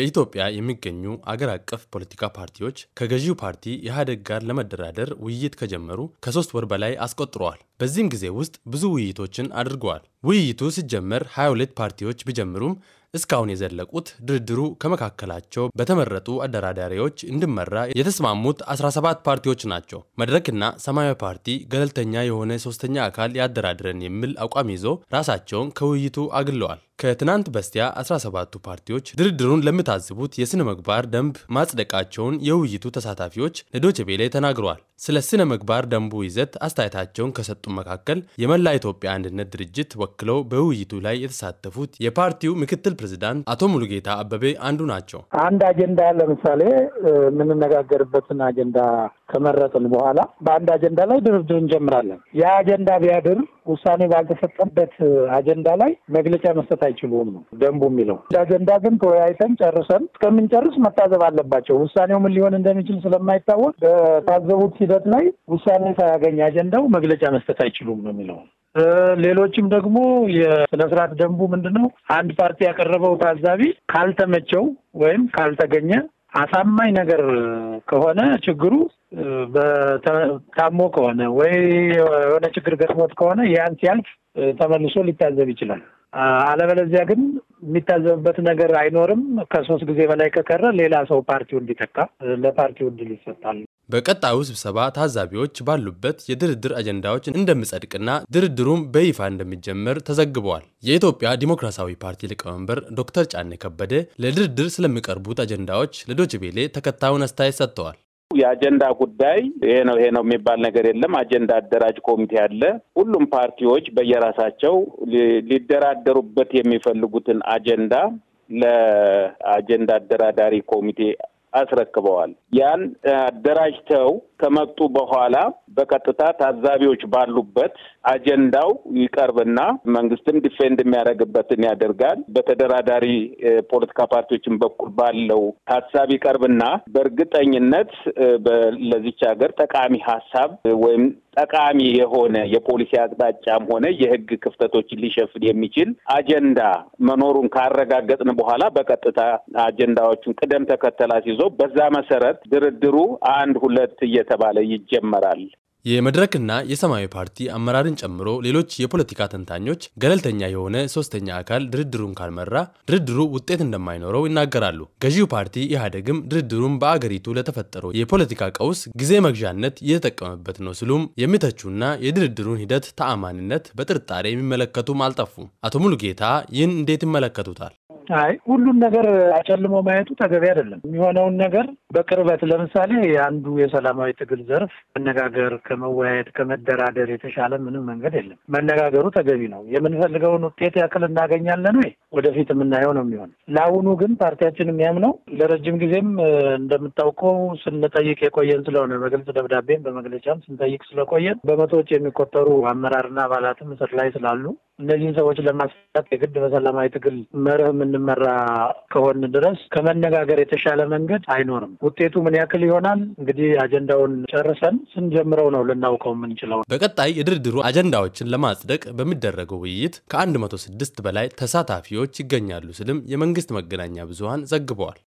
በኢትዮጵያ የሚገኙ አገር አቀፍ ፖለቲካ ፓርቲዎች ከገዢው ፓርቲ ኢህአዴግ ጋር ለመደራደር ውይይት ከጀመሩ ከሶስት ወር በላይ አስቆጥረዋል። በዚህም ጊዜ ውስጥ ብዙ ውይይቶችን አድርገዋል። ውይይቱ ሲጀመር 22 ፓርቲዎች ቢጀምሩም እስካሁን የዘለቁት ድርድሩ ከመካከላቸው በተመረጡ አደራዳሪዎች እንዲመራ የተስማሙት 17 ፓርቲዎች ናቸው። መድረክና ሰማያዊ ፓርቲ ገለልተኛ የሆነ ሶስተኛ አካል ያደራድረን የሚል አቋም ይዞ ራሳቸውን ከውይይቱ አግለዋል። ከትናንት በስቲያ 17ቱ ፓርቲዎች ድርድሩን ለሚታዝቡት የስነ ምግባር ደንብ ማጽደቃቸውን የውይይቱ ተሳታፊዎች ለዶቼ ቬለ ተናግረዋል። ስለ ሥነ ምግባር ደንቡ ይዘት አስተያየታቸውን ከሰጡ መካከል የመላ ኢትዮጵያ አንድነት ድርጅት ወክለው በውይይቱ ላይ የተሳተፉት የፓርቲው ምክትል ፕሬዚዳንት አቶ ሙሉጌታ አበቤ አንዱ ናቸው። አንድ አጀንዳ ለምሳሌ የምንነጋገርበትን አጀንዳ ከመረጥን በኋላ በአንድ አጀንዳ ላይ ድርድር እንጀምራለን። ያ አጀንዳ ቢያድር ውሳኔ ባልተሰጠበት አጀንዳ ላይ መግለጫ መስጠት አይችሉም ነው ደንቡ የሚለው። አጀንዳ ግን ተወያይተን ጨርሰን እስከምንጨርስ መታዘብ አለባቸው። ውሳኔው ምን ሊሆን እንደሚችል ስለማይታወቅ በታዘቡት ሂደት ላይ ውሳኔ ሳያገኝ አጀንዳው መግለጫ መስጠት አይችሉም ነው የሚለው። ሌሎችም ደግሞ የስነ ስርዓት ደንቡ ምንድን ነው? አንድ ፓርቲ ያቀረበው ታዛቢ ካልተመቸው ወይም ካልተገኘ አሳማኝ ነገር ከሆነ ችግሩ ታሞ ከሆነ ወይ የሆነ ችግር ገጥሞት ከሆነ ያን ሲያልፍ ተመልሶ ሊታዘብ ይችላል። አለበለዚያ ግን የሚታዘብበት ነገር አይኖርም። ከሶስት ጊዜ በላይ ከቀረ ሌላ ሰው ፓርቲው እንዲተካ ለፓርቲው እድል ይሰጣል። በቀጣዩ ስብሰባ ታዛቢዎች ባሉበት የድርድር አጀንዳዎች እንደሚጸድቅና ድርድሩም በይፋ እንደሚጀመር ተዘግበዋል። የኢትዮጵያ ዲሞክራሲያዊ ፓርቲ ሊቀመንበር ዶክተር ጫኔ ከበደ ለድርድር ስለሚቀርቡት አጀንዳዎች ለዶችቤሌ ተከታዩን አስተያየት ሰጥተዋል። የአጀንዳ ጉዳይ ይሄ ነው ይሄ ነው የሚባል ነገር የለም። አጀንዳ አደራጅ ኮሚቴ አለ። ሁሉም ፓርቲዎች በየራሳቸው ሊደራደሩበት የሚፈልጉትን አጀንዳ ለአጀንዳ አደራዳሪ ኮሚቴ አስረክበዋል። ያን አደራጅተው ከመጡ በኋላ በቀጥታ ታዛቢዎች ባሉበት አጀንዳው ይቀርብና መንግስትም ዲፌንድ የሚያደርግበትን ያደርጋል። በተደራዳሪ ፖለቲካ ፓርቲዎችን በኩል ባለው ሀሳብ ይቀርብና በእርግጠኝነት ለዚች ሀገር ጠቃሚ ሀሳብ ወይም ጠቃሚ የሆነ የፖሊሲ አቅጣጫም ሆነ የህግ ክፍተቶችን ሊሸፍን የሚችል አጀንዳ መኖሩን ካረጋገጥን በኋላ በቀጥታ አጀንዳዎቹን ቅደም ተከተል አስይዞ በዛ መሰረት ድርድሩ አንድ ሁለት እየተ እየተባለ ይጀመራል። የመድረክና የሰማያዊ ፓርቲ አመራርን ጨምሮ ሌሎች የፖለቲካ ተንታኞች ገለልተኛ የሆነ ሶስተኛ አካል ድርድሩን ካልመራ ድርድሩ ውጤት እንደማይኖረው ይናገራሉ። ገዢው ፓርቲ ኢህአዴግም ድርድሩን በአገሪቱ ለተፈጠረው የፖለቲካ ቀውስ ጊዜ መግዣነት እየተጠቀመበት ነው ሲሉም የሚተቹና የድርድሩን ሂደት ተአማንነት በጥርጣሬ የሚመለከቱም አልጠፉም። አቶ ሙሉጌታ ይህን እንዴት ይመለከቱታል? አይ ሁሉን ነገር አጨልሞ ማየቱ ተገቢ አይደለም። የሚሆነውን ነገር በቅርበት ለምሳሌ አንዱ የሰላማዊ ትግል ዘርፍ መነጋገር፣ ከመወያየት፣ ከመደራደር የተሻለ ምንም መንገድ የለም። መነጋገሩ ተገቢ ነው። የምንፈልገውን ውጤት ያክል እናገኛለን ወይ? ወደፊት የምናየው ነው የሚሆን። ለአሁኑ ግን ፓርቲያችን የሚያምነው ለረጅም ጊዜም እንደምታውቀው ስንጠይቅ የቆየን ስለሆነ በግልጽ ደብዳቤም በመግለጫም ስንጠይቅ ስለቆየን በመቶዎች የሚቆጠሩ አመራርና አባላትም እስር ላይ ስላሉ እነዚህን ሰዎች ለማስፈታት የግድ በሰላማዊ ትግል መርህ የምንመራ ከሆን ድረስ ከመነጋገር የተሻለ መንገድ አይኖርም። ውጤቱ ምን ያክል ይሆናል እንግዲህ አጀንዳውን ጨርሰን ስንጀምረው ነው ልናውቀው የምንችለው። በቀጣይ የድርድሩ አጀንዳዎችን ለማጽደቅ በሚደረገው ውይይት ከአንድ መቶ ስድስት በላይ ተሳታፊዎች ተቃዋሚዎች ይገኛሉ ስልም የመንግስት መገናኛ ብዙሀን ዘግበዋል።